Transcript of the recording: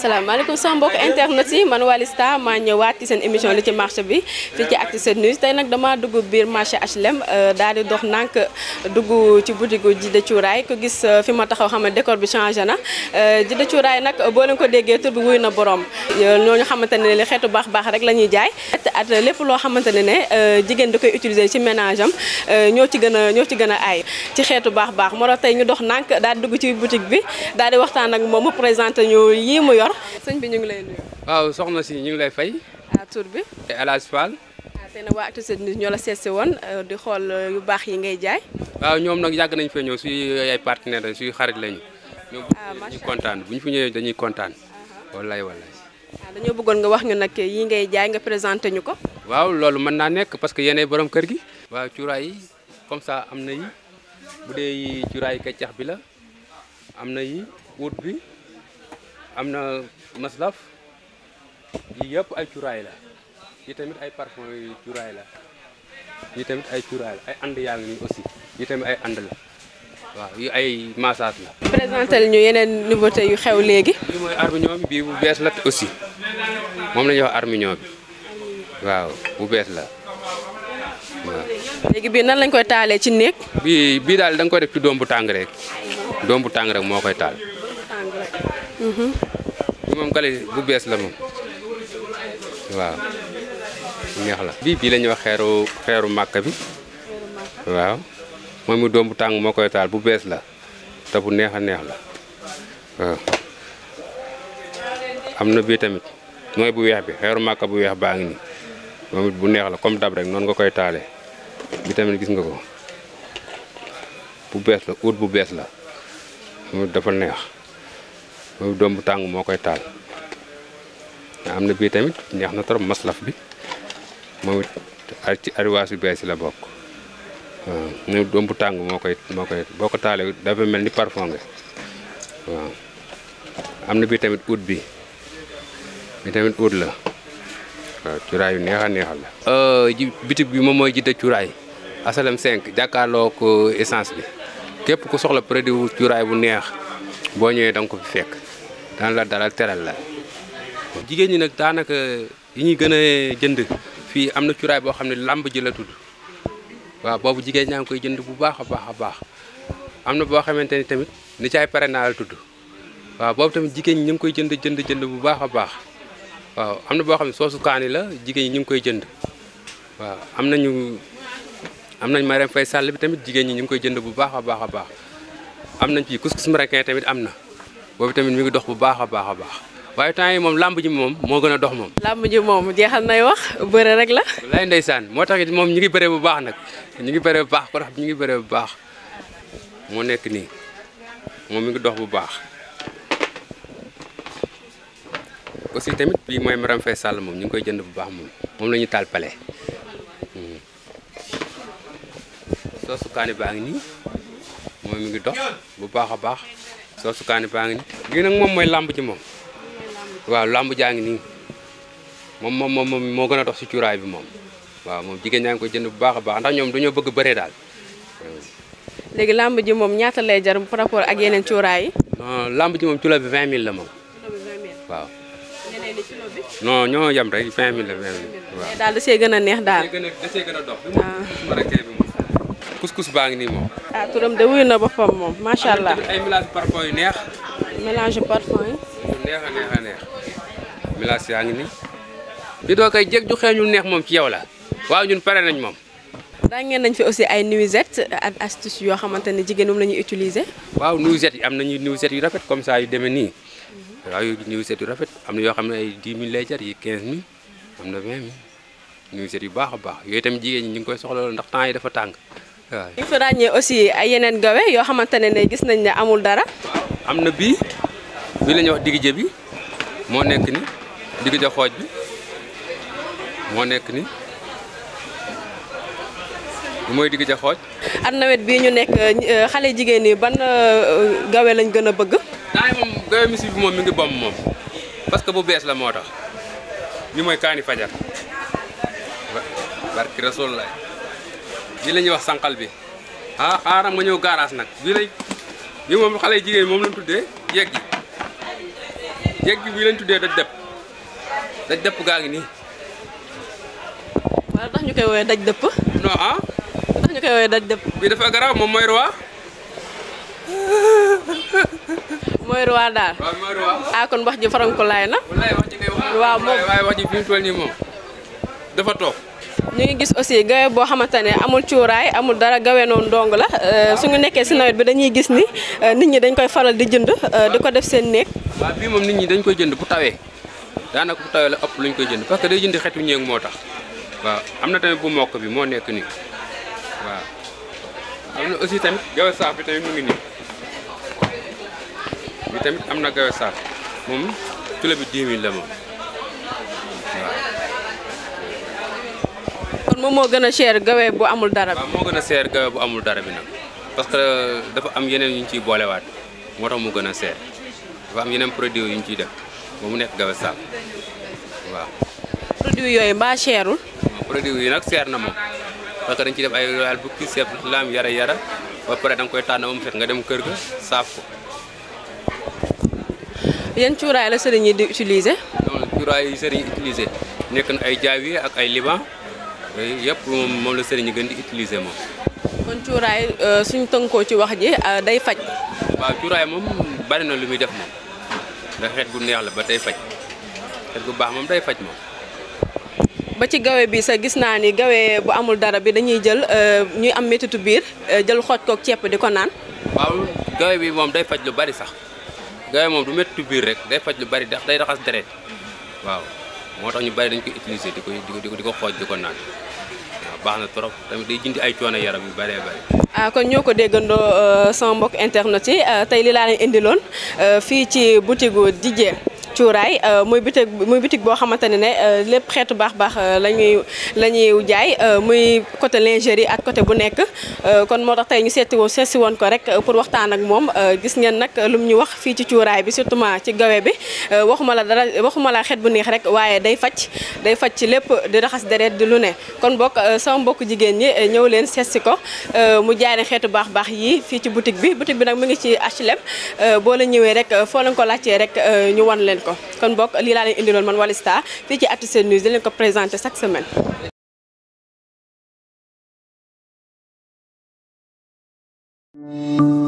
asalaamaaleykum sama mbokk internet yi man walista ma maa ñëwaat ci seen émission li ci marché bi fii ci Actu 7 News tey nag dama dugg biir marché HLM euh, daal di dox nank dugg ci boutique Jide Cuuraay ko gis euh, fi ma taxaw xam ne décor bi changé na euh, Jide Cuuraay nag boo leen ko déggee tur bi wuy na borom ñooñu xamante ne li xeetu baax baax rek la ñuy jaay at lépp loo xamante ne ne jigéen da koy utiliser ci ménage am ñoo ci gën a ñoo ci gën a aay ci xeetu baax baax moo tax tey ñu dox nank daal dugg ci boutique bi daal di waxtaan ak moom mu présenté ñu yii mu yor Ngor. sëñ bi ñu ngi lay nuyu. waaw soxna si ñu ngi lay fay. ah tur bi. El Hadj Fall. ah tey nag waa Actu la seet si euh, di xool euh, yu baax yi ngay jaay. waaw ñoom nag yàgg nañ fee ñëw suy ay partenaires suy xarit lañu. ah macha allah ñoom bu ñu kontaan bu ñu fi ñëwee dañuy kontaan. Uh-huh. wallaay wallaay. waaw ah, dañoo bëggoon nga wax ñu nag yi ngay jaay nga présenté ñu waaw loolu mën naa parce que yéenay borom kër gi. waaw cuuraay comme ça am yi bu dee cuuraay kecax bi la am yi uut bi am na maslaf yi yëpp ay cuuraay la yi tamit ay parfum yi cuuraay la yi tamit ay cuuraay la ay ànd yaa ngi nii aussi yi tamit ay ànd la waaw yu ay massage la. présenté ñu yeneen nouveauté yu xew léegi. lii mooy armignon bi bu bees la aussi moom la ñuy wax bi waaw bu bees la waaw. léegi bii nan lañ koy taalee ci néeg. bii bii daal da nga koy def ci doom bu tàng rek doom bu tàng rek moo koy taal. bi moom qualité bu bees la moom waaw neex la bii bii la wax xeeru xeeru màkk bi waaw moom it doom bu tàng moo koy taal bu bees la te bu neex a neex la waaw am na bii tamit mooy bu weex bi xeeru màkk bu weex baa ngi nii moom it bu neex la comme dab rek noonu nga koy taale bi tamit gis nga ko bu bees la ut bu bees la moom dafa neex boobu doom bu tàng moo koy tal am na bii tamit neex na maslaf bi moom ar ci ariwaas yu bees la bok waaw ñun doom bu tàng moo koy mo koy boko talé dafa melni parfum nga waaw am na tamit oud bi bi tamit oud la waaw cuuraay yu neex a neexal la. Euh, ji bitig bi mo moom mooy jidda cuuraay asalam 5 jakarlo ko euh, essence bi kep ku soxla produit cuuraay bu neex bo ñewé dang ko fi fekk. daan la dalal teral la jigéen ñi nag daanaka yi ñuy gën a jënd fii am na cuuraay boo xam ne làmb ji la tudd waaw boobu jigéen ñaa ngi koy jënd bu baax a baax a baax am na boo xamante ni tamit ni caay pare naa la boobu tamit jigéen ñi ñu ngi koy jënd jënd jënd bu baax a baax waaw am na boo xam ne soosu kaani la jigéen ñi ñu ngi koy jënd waaw am nañu am nañ Marème Faye Sall bi tamit jigéen ñi ñu ngi koy jënd bu baax a baax a baax am nañ fii couscous marocain tamit am na boobu tamit mi ngi dox bu baax a baax a baax waaye temps yi moom làmb ji moom moo gën a dox moom. làmb ji moom jeexal nay wax bëre rek la. lay ndeysaan moo tax it moom ñu ngi bëre bu baax nag ñu ngi bëre bu baax korax ñu ngi bëre bu baax nekk nii moom mi ngi dox bu baax. aussi tamit bii mooy Maram Faye Sall moom ñu ngi koy jënd bu baax moom moom la ñu taal pale. Hmm. soosu kaani baa ngi nii moom mi ngi dox bu baax a baax. soosu kaani baa ngi nii lii nag moom mooy làmb ci moom waaw làmb jaa ngi nii moom moom moom moo gën a dox si cuuraay bi moom waaw moom jigéen ñaa ngi koy jënd bu baax a baax ndax ñoom dañoo bëgg bëree daal. léegi làmb ji moom ñaata lay jar par rapport ak yeneen cuuraay yi. non làmb ji moom kilo bi 20000 la moom. non ñoo yem rek 20000 la 20000. waaw daal da gën a neex daal. da see gën a dox. Ah. couscous baa ngi nii moom. ah turam de wuyu na ba boppam moom macha allah. ay mélange parfum yu neex. mélange parfum yi. yu neex a neex a neex. mélange yaa ngi nii. li doo koy jég ju xeeñul neex moom ci yow la waaw ñun pare nañ moom. daa ngeen nañ fi aussi ay nuisettes ak astuces yoo xamante ne jigéen moom la ñuy utiliser. waaw nuisettes yi am nañu nuisettes yu rafet comme ça yu demee nii. waaw yu nuisettes yu rafet am na yoo xam ne ay 10 000 lay jar yi 15 000 am na 20 yu baax a baax yooyu tamit jigéen ñu ngi koy soxla ndax temps yi dafa tàng. ñu fi ràññee aussi ay yeneen gawe yoo xamante ne gis nañ amul dara am na bii bii la wax digijë bi moo nekk ni digijë xooj bi moo nekk ni mooy digg ja xooj at nawet bii ñu nekk euh, xale jigéen yi ban euh, gawe lañ gën a bëgg misi bi moom mi ngi bom moom parce que bu bees la moo ni mooy kaani fajar barki di lañ wax sankal bi ha ah, xaram ma ñëw garage nak bi lay bi mom xalé jigéen mom lañ tuddé yegg yegg bi lañ tuddé daj dëpp daj dëpp gaangi ni nii tax ñu koy woowee daj dëpp non ha ah. tax ñu koy woowee daj dëpp bi dafa garaaw mom moy roi moy roi daal waaw mooy roi ah kon wax ji faranko laay na wallaay wax ji ngay wax waaw moom waaye wax ji fi tol ni mom dafa toog ñu ngi gis aussi gawe boo xamante ne amul cuuraay amul dara gawe noonu dong la euh, suñu nekkee si nawet bi dañuy gis ni euh, nit ñi dañ koy faral di jënd euh, di ko def seen néeg. waaw bii moom nit ñi dañ koy jënd bu tawee daanaka bu tawee la ëpp luñ koy jënd parce que day jënd xetu ñeeg moo tax waaw am na tamit bu mokk bi moo nekk nii waaw. am na aussi tamit gawe saaf bi tamit mu ngi nii tamit am na gawe saaf moom kilo bi 10 000 la moom. moom moo gën a cher gawe bu amul dara bi. moo gën a cher gawe amul dara bi nag parce que dafa am yeneen yu ñu ciy boolewaat moo tax mu gën a cher dafa am yeneen produit yu ñu ciy def ba mu nekk gawe saab waaw. produit yooyu mbaa cherul. produit yi nag cher na moom parce que dañ ciy def ay royal bukki seeb laam yara yara ba pare da koy tànn moom fekk nga dem kër ga saaf ko. yan cuuraay la sëriñ yi di utilise non cuuraay yi sëriñ yi nekk na ay jaawiye ak ay liban yëpp moom moom la sëriñ yi gën di utiliser moom. kon cuuraay euh, suñu tënkoo ci wax ji euh, day faj. waaw cuuraay moom bari na lu muy def moom ndax xeet gu neex la ba tey faj xeet gu baax moom day faj moom. ba ci gawe bi sa gis naa ni gawe bu amul dara bi dañuy jël euh, ñuy am métitu biir jël xooj kook ceeb di ko naan. waaw moom day faj lu bari sax gawe moom du méttitu biir rek day faj lu bari day raxas deret waaw moo tax ñu bari dañ koy utiliser di ko di ko di ko xooj di ko naan. baax na trop tamit day jindi ay coono yaram yu bëree bëri. ah kon ñoo ko déggandoo euh, sama mbokk internet yi euh, tey li laa leen indiloon euh, fii ci boutique gu Didier cuuraay euh, muy bitig muy bitig boo xamante ne ne euh, lépp xeetu baax baax euh, la ñuy la ñuy jaay muy côté lingerie ak côté bu nekk kon moo tax tey ñu seeti woon seesi woon ko rek pour waxtaan ak moom gis ngeen nag lum ñu wax fii ci cuuraay bi surtout ci gawe bi waxuma la dara waxuma la xet bu neex rek waaye day faj day faj ci lépp di raxas deret di lu ne kon bokk sama mbokk jigéen ñi ñëw leen seesi ko mu jaay ne xeetu baax baax yi fii ci boutique bi boutique bi nag mu ngi ci HLM boo la ñëwee rek ko kon bokk lii laa leen indiloon man walista fi ci Actu 7 News di ko présenter chaque semaine. Thank you.